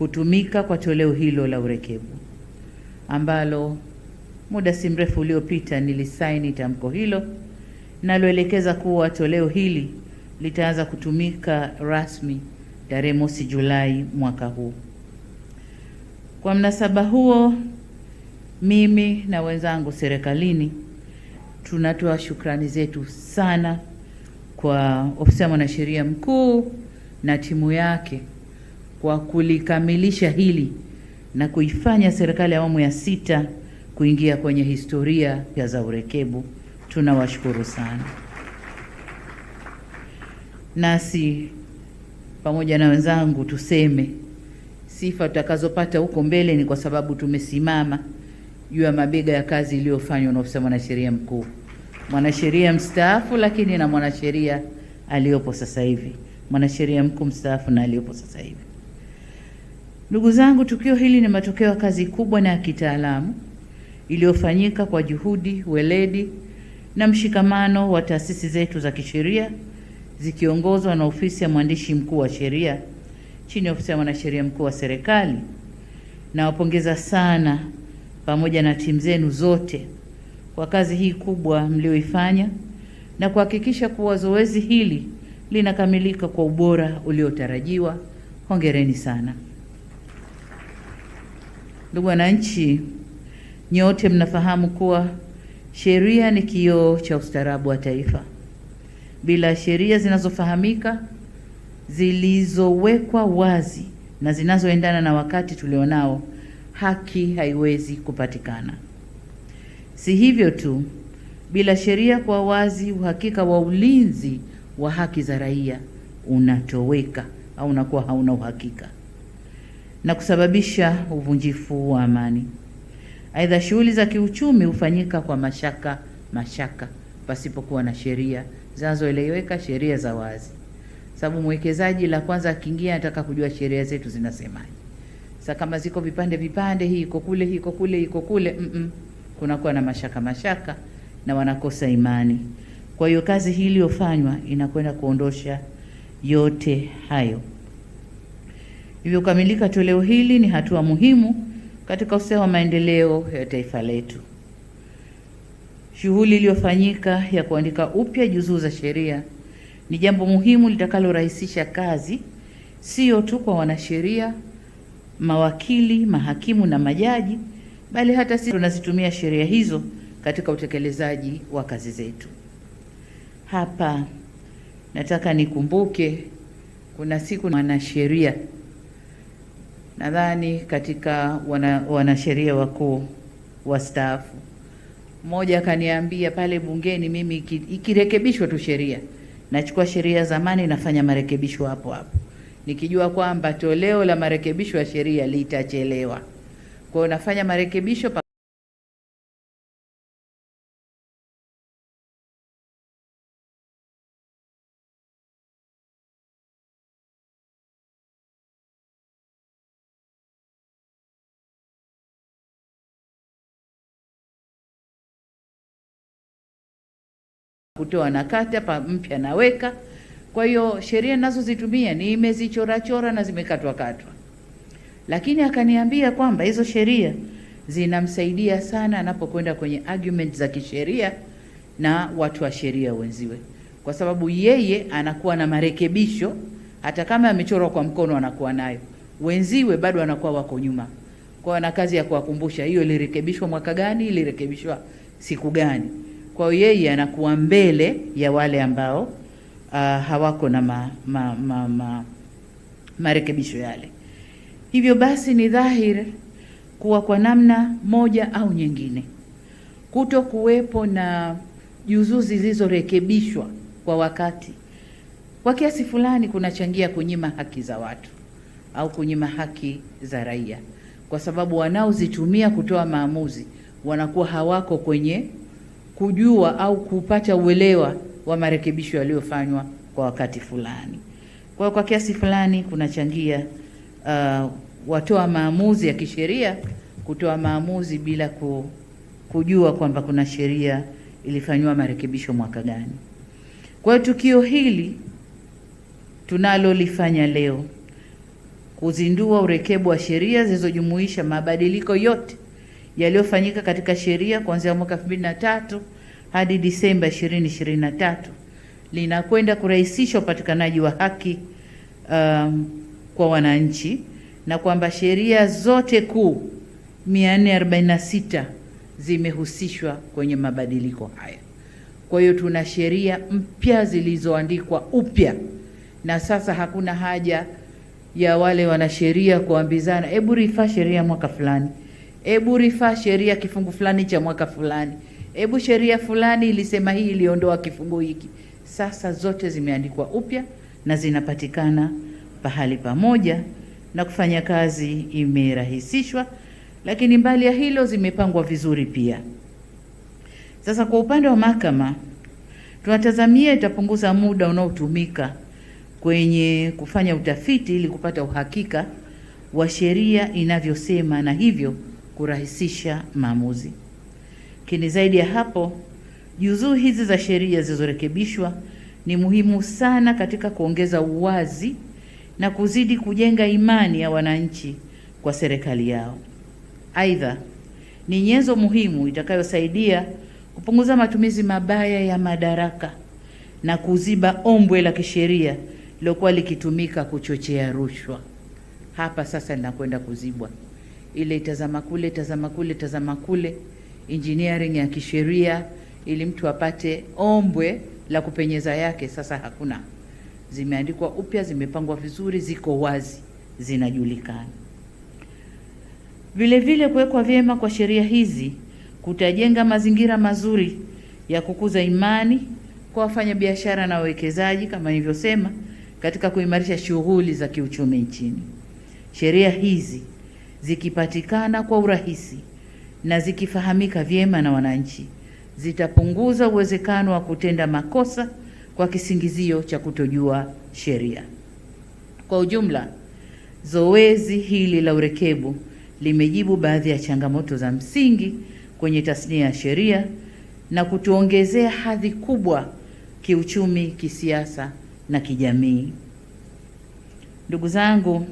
kutumika kwa toleo hilo la urekebu ambalo muda si mrefu uliopita nilisaini tamko hilo naloelekeza kuwa toleo hili litaanza kutumika rasmi tarehe mosi Julai mwaka huu. Kwa mnasaba huo, mimi na wenzangu serikalini tunatoa shukrani zetu sana kwa ofisi ya mwanasheria mkuu na timu yake kwa kulikamilisha hili na kuifanya serikali ya awamu ya sita kuingia kwenye historia ya za urekebu. Tunawashukuru sana. Nasi pamoja na wenzangu tuseme sifa tutakazopata huko mbele ni kwa sababu tumesimama juu ya mabega ya kazi iliyofanywa na ofisa ya mwanasheria mkuu, mwanasheria mstaafu, lakini na mwanasheria aliyopo sasa hivi, mwanasheria mkuu mstaafu na aliyopo sasa hivi. Ndugu zangu, tukio hili ni matokeo ya kazi kubwa na ya kitaalamu iliyofanyika kwa juhudi, weledi na mshikamano wa taasisi zetu za kisheria zikiongozwa na ofisi ya mwandishi mkuu wa sheria chini ya ofisi ya mwanasheria mkuu wa serikali. Nawapongeza sana pamoja na timu zenu zote kwa kazi hii kubwa mlioifanya na kuhakikisha kuwa zoezi hili linakamilika kwa ubora uliotarajiwa. Hongereni sana. Ndugu wananchi, nyote mnafahamu kuwa sheria ni kioo cha ustaarabu wa taifa. Bila sheria zinazofahamika, zilizowekwa wazi na zinazoendana na wakati tulionao, haki haiwezi kupatikana. Si hivyo tu, bila sheria kwa wazi, uhakika wa ulinzi wa haki za raia unatoweka au unakuwa hauna uhakika na kusababisha uvunjifu wa amani. Aidha, shughuli za kiuchumi hufanyika kwa mashaka mashaka pasipokuwa na sheria zinazoeleweka, sheria za wazi, sababu mwekezaji la kwanza akiingia anataka kujua sheria zetu zinasemaje. Sasa kama ziko vipande vipande, hii iko kule, hii iko kule, iko kule, mm -mm, kunakuwa na mashaka mashaka na wanakosa imani. Kwa hiyo kazi hii iliyofanywa inakwenda kuondosha yote hayo. Ilivyokamilika toleo hili ni hatua muhimu katika usawa wa maendeleo ya taifa letu. Shughuli iliyofanyika ya kuandika upya juzuu za sheria ni jambo muhimu litakalorahisisha kazi sio tu kwa wanasheria, mawakili, mahakimu na majaji, bali hata sisi tunazitumia sheria hizo katika utekelezaji wa kazi zetu. Hapa nataka nikumbuke, kuna siku mwanasheria nadhani katika wana, wanasheria wakuu wastaafu mmoja akaniambia pale bungeni, mimi ikirekebishwa tu sheria nachukua sheria zamani nafanya marekebisho hapo hapo, nikijua kwamba toleo la marekebisho ya sheria litachelewa. Kwa hiyo nafanya marekebisho kutoa nakati hapa, mpya naweka. Kwa hiyo sheria ninazozitumia chora na katwa, lakini akaniambia kwamba hizo sheria zinamsaidia sana anapokwenda kwenye argument za kisheria na watu wa sheria wenziwe, kwa sababu yeye anakuwa na marekebisho, hata kama amechorwa kwa mkono anakuwa nayo, wenziwe bado anakuwa wako nyuma kwa na kazi ya kuwakumbusha, hiyo ilirekebishwa mwaka gani, ilirekebishwa siku gani. Kwa hiyo yeye anakuwa mbele ya wale ambao uh, hawako na ma, ma, ma, ma, marekebisho yale. Hivyo basi ni dhahiri kuwa kwa namna moja au nyingine kuto kuwepo na juzuzi zilizorekebishwa kwa wakati kwa kiasi fulani kunachangia kunyima haki za watu au kunyima haki za raia, kwa sababu wanaozitumia kutoa maamuzi wanakuwa hawako kwenye kujua au kupata uelewa wa marekebisho yaliyofanywa kwa wakati fulani. Kwa hiyo kwa kiasi fulani kunachangia uh, watoa maamuzi ya kisheria kutoa maamuzi bila ku, kujua kwamba kuna sheria ilifanywa marekebisho mwaka gani. Kwa hiyo tukio hili tunalolifanya leo kuzindua urekebu wa sheria zilizojumuisha mabadiliko yote yaliyofanyika katika sheria kuanzia mwaka 2003 hadi Disemba 2023 linakwenda kurahisisha upatikanaji wa haki um, kwa wananchi na kwamba sheria zote kuu 446 zimehusishwa kwenye mabadiliko haya. Kwa hiyo tuna sheria mpya zilizoandikwa upya, na sasa hakuna haja ya wale wanasheria kuambizana, hebu rifaa sheria mwaka fulani hebu rifaa sheria kifungu fulani cha mwaka fulani, hebu sheria fulani ilisema hii, iliondoa kifungu hiki. Sasa zote zimeandikwa upya na zinapatikana pahali pamoja na kufanya kazi imerahisishwa. Lakini mbali ya hilo, zimepangwa vizuri pia. Sasa kwa upande wa mahakama, tunatazamia itapunguza muda unaotumika kwenye kufanya utafiti ili kupata uhakika wa sheria inavyosema na hivyo kurahisisha maamuzi. Lakini zaidi ya hapo, juzuu hizi za sheria zilizorekebishwa ni muhimu sana katika kuongeza uwazi na kuzidi kujenga imani ya wananchi kwa serikali yao. Aidha, ni nyenzo muhimu itakayosaidia kupunguza matumizi mabaya ya madaraka na kuziba ombwe la kisheria lilokuwa likitumika kuchochea rushwa. Hapa sasa linakwenda kuzibwa ile, itazama kule, tazama kule, tazama kule, engineering ya kisheria, ili mtu apate ombwe la kupenyeza yake. Sasa hakuna, zimeandikwa upya, zimepangwa vizuri, ziko wazi, zinajulikana. Vile vile kuwekwa vyema kwa sheria hizi kutajenga mazingira mazuri ya kukuza imani kwa wafanyabiashara na wawekezaji, kama nilivyosema, katika kuimarisha shughuli za kiuchumi nchini. Sheria hizi zikipatikana kwa urahisi na zikifahamika vyema na wananchi, zitapunguza uwezekano wa kutenda makosa kwa kisingizio cha kutojua sheria. Kwa ujumla, zoezi hili la urekebu limejibu baadhi ya changamoto za msingi kwenye tasnia ya sheria na kutuongezea hadhi kubwa kiuchumi, kisiasa na kijamii. Ndugu zangu,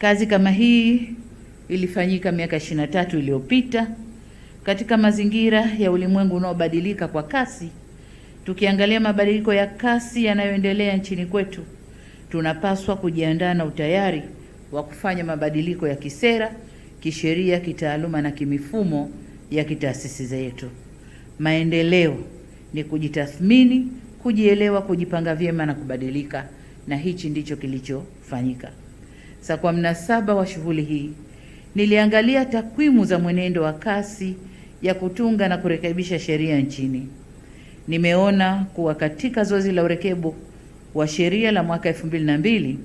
Kazi kama hii ilifanyika miaka 23 iliyopita katika mazingira ya ulimwengu unaobadilika kwa kasi. Tukiangalia mabadiliko ya kasi yanayoendelea nchini kwetu, tunapaswa kujiandaa na utayari wa kufanya mabadiliko ya kisera, kisheria, kitaaluma na kimifumo ya kitaasisi zetu. Maendeleo ni kujitathmini, kujielewa, kujipanga vyema na kubadilika, na hichi ndicho kilichofanyika za kwa mnasaba wa shughuli hii, niliangalia takwimu za mwenendo wa kasi ya kutunga na kurekebisha sheria nchini. Nimeona kuwa katika zoezi la urekebu wa sheria la mwaka mbili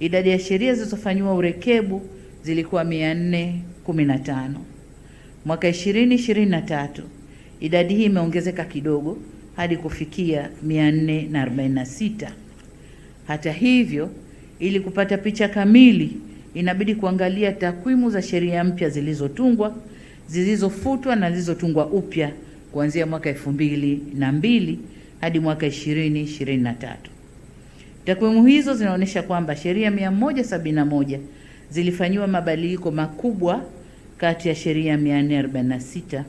idadi ya sheria zilizofanyiwa urekebu zilikuwa 415. Mwaka 2023 idadi hii imeongezeka kidogo hadi kufikia 446. Hata hivyo ili kupata picha kamili, inabidi kuangalia takwimu za sheria mpya zilizotungwa, zilizofutwa na zilizotungwa upya kuanzia mwaka elfu mbili na mbili hadi mwaka 2023. Takwimu hizo zinaonyesha kwamba sheria 171 zilifanyiwa mabadiliko makubwa kati ya sheria 446.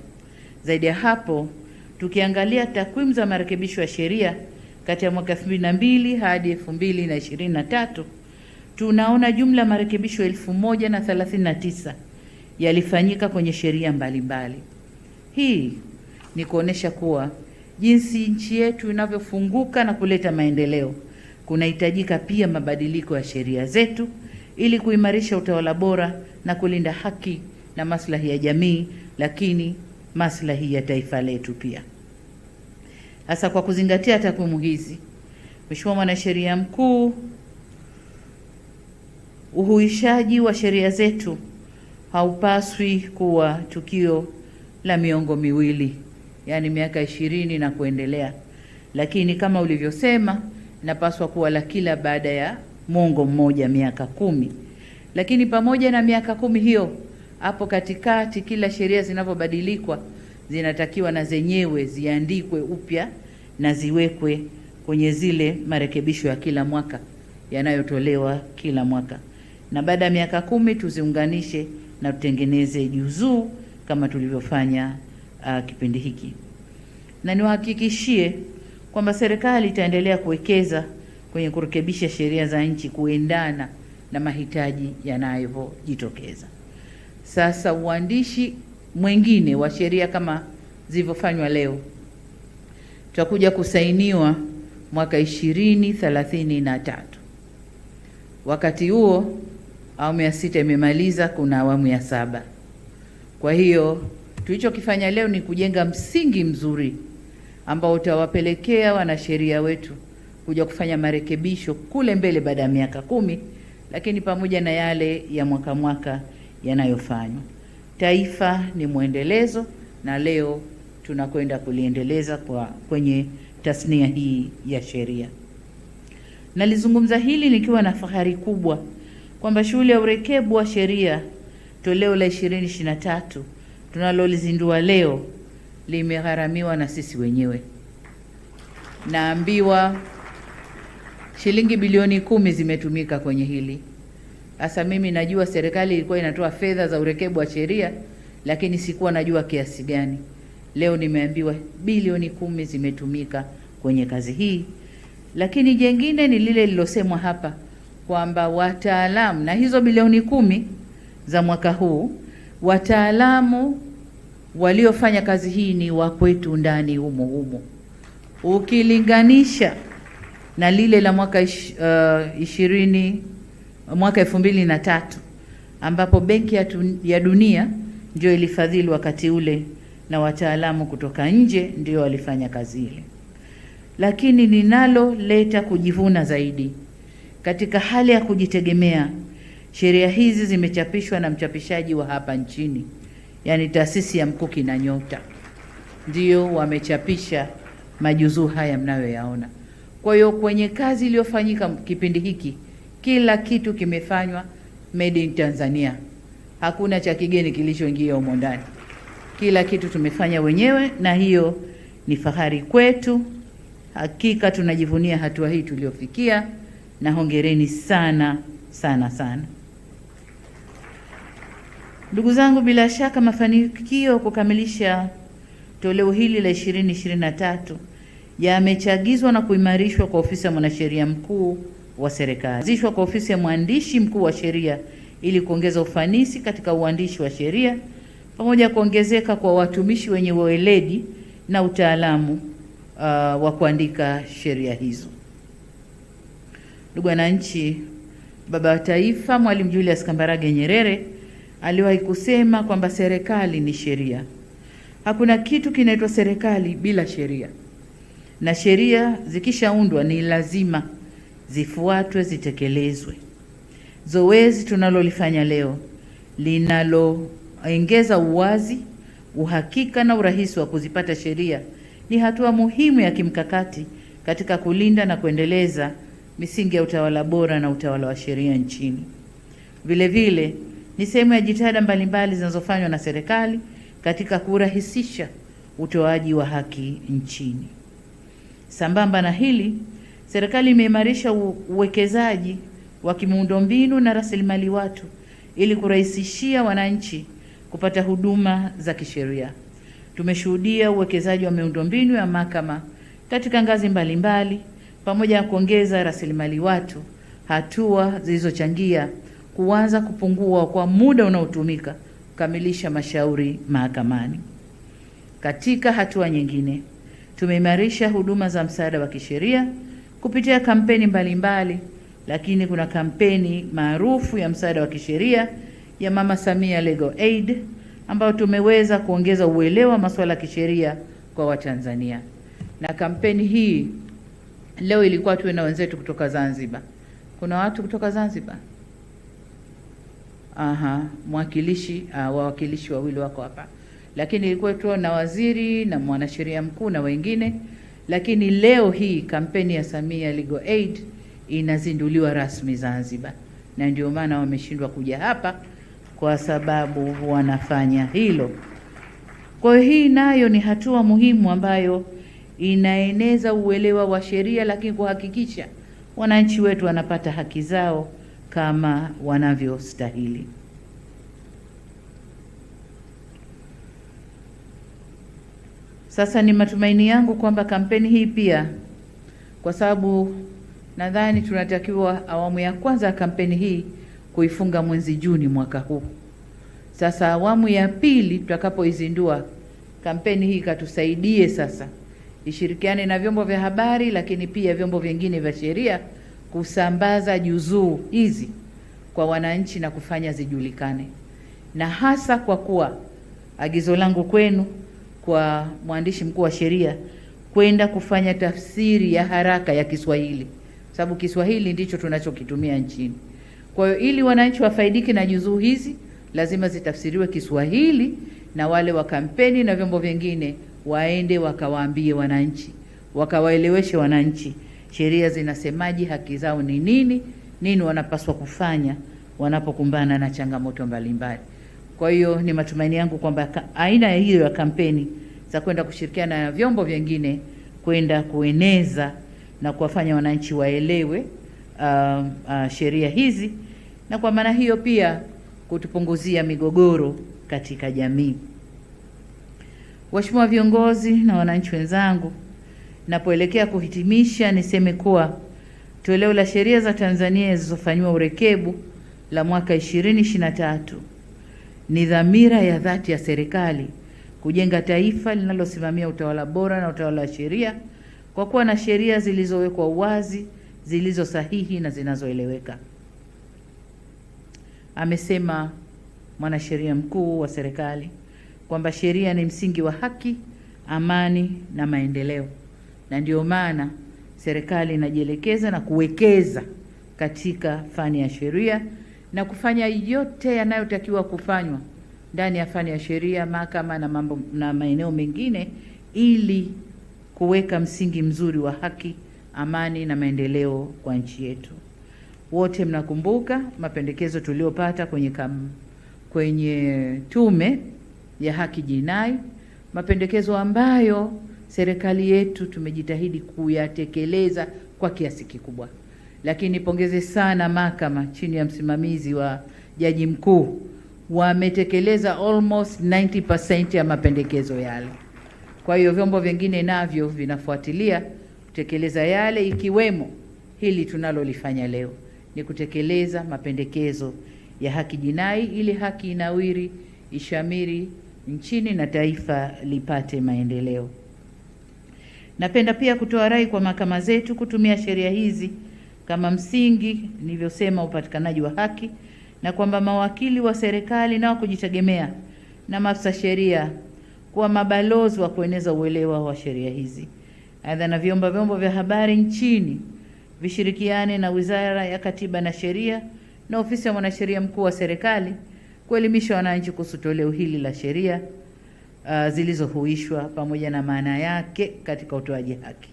Zaidi ya hapo, tukiangalia takwimu za marekebisho ya sheria kati ya mwaka 2002 hadi 2023 tunaona jumla ya marekebisho elfu na tisa yalifanyika kwenye sheria mbalimbali. Hii ni kuonesha kuwa jinsi nchi yetu inavyofunguka na kuleta maendeleo, kunahitajika pia mabadiliko ya sheria zetu ili kuimarisha utawala bora na kulinda haki na maslahi ya jamii, lakini maslahi ya taifa letu pia. Sasa kwa kuzingatia takwimu hizi, Mheshimiwa Mwanasheria Mkuu, uhuishaji wa sheria zetu haupaswi kuwa tukio la miongo miwili, yaani miaka ishirini na kuendelea, lakini kama ulivyosema, inapaswa kuwa la kila baada ya mwongo mmoja, miaka kumi. Lakini pamoja na miaka kumi hiyo, hapo katikati, kila sheria zinavyobadilikwa zinatakiwa na zenyewe ziandikwe upya na ziwekwe kwenye zile marekebisho ya kila mwaka yanayotolewa kila mwaka, na baada ya miaka kumi tuziunganishe na tutengeneze juzuu kama tulivyofanya uh, kipindi hiki, na niwahakikishie kwamba serikali itaendelea kuwekeza kwenye kurekebisha sheria za nchi kuendana na mahitaji yanayojitokeza. Sasa uandishi mwengine wa sheria kama zilivyofanywa leo, tutakuja kusainiwa mwaka ishirini thelathini na tatu. Wakati huo awamu ya sita imemaliza, kuna awamu ya saba. Kwa hiyo tulichokifanya leo ni kujenga msingi mzuri ambao utawapelekea wanasheria wetu kuja kufanya marekebisho kule mbele baada ya miaka kumi, lakini pamoja na yale ya mwaka mwaka yanayofanywa. Taifa ni mwendelezo, na leo tunakwenda kuliendeleza kwa kwenye tasnia hii ya sheria. Nalizungumza hili nikiwa na fahari kubwa kwamba shughuli ya urekebu wa sheria toleo la 2023 tunalolizindua leo limegharamiwa na sisi wenyewe. Naambiwa shilingi bilioni kumi zimetumika kwenye hili. Sasa mimi najua serikali ilikuwa inatoa fedha za urekebu wa sheria, lakini sikuwa najua kiasi gani. Leo nimeambiwa bilioni kumi zimetumika kwenye kazi hii. Lakini jengine ni lile lilosemwa hapa kwamba wataalamu na hizo bilioni kumi za mwaka huu, wataalamu waliofanya kazi hii ni wa kwetu ndani humo humo, ukilinganisha na lile la mwaka ish, uh, ishirini mwaka elfu mbili na tatu ambapo Benki ya Dunia ndio ilifadhili wakati ule na wataalamu kutoka nje ndio walifanya kazi ile. Lakini ninaloleta kujivuna zaidi katika hali ya kujitegemea, sheria hizi zimechapishwa na mchapishaji wa hapa nchini, yaani taasisi ya Mkuki na Nyota, ndio wamechapisha majuzuu haya mnayoyaona. Kwa hiyo kwenye kazi iliyofanyika kipindi hiki kila kitu kimefanywa made in Tanzania, hakuna cha kigeni kilichoingia humo ndani. Kila kitu tumefanya wenyewe, na hiyo ni fahari kwetu. Hakika tunajivunia hatua hii tuliyofikia, na hongereni sana sana sana. Ndugu zangu, bila shaka mafanikio kukamilisha toleo hili la 2023 yamechagizwa na kuimarishwa kwa ofisi ya mwanasheria mkuu wa serikali. Zishwa kwa ofisi ya mwandishi mkuu wa sheria ili kuongeza ufanisi katika uandishi wa sheria pamoja kuongezeka kwa watumishi wenye weledi na utaalamu uh, wa kuandika sheria hizo. Ndugu wananchi, baba wa taifa Mwalimu Julius Kambarage Nyerere aliwahi kusema kwamba serikali ni sheria. Hakuna kitu kinaitwa serikali bila sheria, na sheria zikishaundwa ni lazima zifuatwe, zitekelezwe. Zoezi tunalolifanya leo linaloongeza uwazi, uhakika na urahisi wa kuzipata sheria ni hatua muhimu ya kimkakati katika kulinda na kuendeleza misingi ya utawala bora na utawala wa sheria nchini. Vile vile ni sehemu ya jitihada mbalimbali zinazofanywa na serikali katika kurahisisha utoaji wa haki nchini. Sambamba na hili Serikali imeimarisha uwekezaji wa kimiundombinu na rasilimali watu ili kurahisishia wananchi kupata huduma za kisheria. Tumeshuhudia uwekezaji wa miundombinu ya mahakama katika ngazi mbalimbali pamoja na kuongeza rasilimali watu, hatua zilizochangia kuanza kupungua kwa muda unaotumika kukamilisha mashauri mahakamani. Katika hatua nyingine, tumeimarisha huduma za msaada wa kisheria kupitia kampeni mbalimbali mbali, lakini kuna kampeni maarufu ya msaada wa kisheria ya Mama Samia Legal Aid ambayo tumeweza kuongeza uelewa wa masuala ya kisheria kwa Watanzania. Na kampeni hii leo ilikuwa tuwe na wenzetu kutoka Zanzibar. Kuna watu kutoka Zanzibar? Aha, mwakilishi uh, wawakilishi wawili wako hapa, lakini ilikuwa tuwe na waziri na mwanasheria mkuu na wengine lakini leo hii kampeni ya Samia Legal Aid inazinduliwa rasmi Zanzibar, na ndio maana wameshindwa kuja hapa kwa sababu wanafanya hilo. Kwa hiyo hii nayo ni hatua muhimu ambayo inaeneza uelewa wa sheria, lakini kuhakikisha wananchi wetu wanapata haki zao kama wanavyostahili. Sasa ni matumaini yangu kwamba kampeni hii pia, kwa sababu nadhani tunatakiwa awamu ya kwanza ya kampeni hii kuifunga mwezi Juni mwaka huu. Sasa awamu ya pili tutakapoizindua kampeni hii ikatusaidie sasa ishirikiane na vyombo vya habari, lakini pia vyombo vingine vya sheria kusambaza juzuu hizi kwa wananchi na kufanya zijulikane, na hasa kwa kuwa agizo langu kwenu kwa mwandishi mkuu wa sheria kwenda kufanya tafsiri ya haraka ya Kiswahili, sababu Kiswahili ndicho tunachokitumia nchini. Kwa hiyo ili wananchi wafaidike na juzuu hizi, lazima zitafsiriwe Kiswahili, na wale wa kampeni na vyombo vingine waende wakawaambie wananchi, wakawaeleweshe wananchi sheria zinasemaje, haki zao ni nini, nini wanapaswa kufanya wanapokumbana na changamoto mbalimbali. Kwa hiyo ni matumaini yangu kwamba aina hiyo ya kampeni za kwenda kushirikiana na vyombo vingine kwenda kueneza na kuwafanya wananchi waelewe uh, uh, sheria hizi na kwa maana hiyo pia kutupunguzia migogoro katika jamii. Waheshimiwa viongozi na wananchi wenzangu, napoelekea kuhitimisha, niseme kuwa toleo la sheria za Tanzania zilizofanyiwa urekebu la mwaka 2023 ni dhamira ya dhati ya serikali kujenga taifa linalosimamia utawala bora na utawala wa sheria kwa kuwa na sheria zilizowekwa wazi, zilizo sahihi na zinazoeleweka, amesema mwanasheria mkuu wa serikali kwamba sheria ni msingi wa haki, amani na maendeleo, na ndio maana serikali inajielekeza na kuwekeza katika fani ya sheria na kufanya yote yanayotakiwa kufanywa ndani ya fani ya sheria, mahakama na mambo na maeneo mengine ili kuweka msingi mzuri wa haki, amani na maendeleo kwa nchi yetu. Wote mnakumbuka mapendekezo tuliyopata kwenye kam, kwenye tume ya haki jinai, mapendekezo ambayo serikali yetu tumejitahidi kuyatekeleza kwa kiasi kikubwa. Lakini nipongeze sana mahakama chini ya msimamizi wa jaji mkuu, wametekeleza almost 90% ya mapendekezo yale. Kwa hiyo vyombo vingine navyo vinafuatilia kutekeleza yale, ikiwemo hili tunalolifanya leo, ni kutekeleza mapendekezo ya haki jinai, ili haki inawiri, ishamiri nchini na taifa lipate maendeleo. Napenda pia kutoa rai kwa mahakama zetu kutumia sheria hizi kama msingi nilivyosema, upatikanaji wa haki na kwamba mawakili wa serikali na wa kujitegemea na maafisa sheria kuwa mabalozi wa kueneza uelewa wa sheria hizi. Aidha, na vyomba vyombo vya habari nchini vishirikiane na Wizara ya Katiba na Sheria na Ofisi ya Mwanasheria Mkuu wa Serikali kuelimisha wananchi kuhusu toleo hili la sheria uh, zilizohuishwa pamoja na maana yake katika utoaji haki.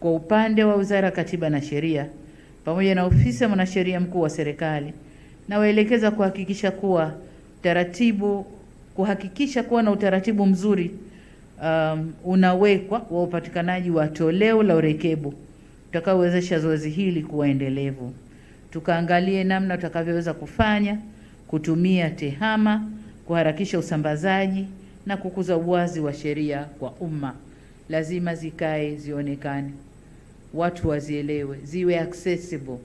Kwa upande wa Wizara ya Katiba na Sheria pamoja na Ofisi ya Mwanasheria Mkuu wa Serikali, nawaelekeza kuhakikisha kuwa taratibu kuhakikisha kuwa na utaratibu mzuri um, unawekwa wa upatikanaji wa toleo la urekebu utakaowezesha zoezi hili kuwa endelevu. Tukaangalie namna utakavyoweza kufanya kutumia tehama kuharakisha usambazaji na kukuza uwazi wa sheria kwa umma. Lazima zikae zionekane watu wazielewe, ziwe accessible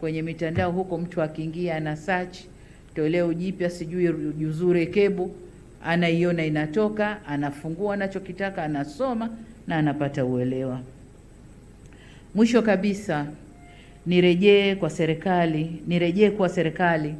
kwenye mitandao huko. Mtu akiingia ana search toleo jipya, sijui juzure kebu anaiona inatoka, anafungua anachokitaka, anasoma na anapata uelewa. Mwisho kabisa, nirejee kwa serikali, nirejee kwa serikali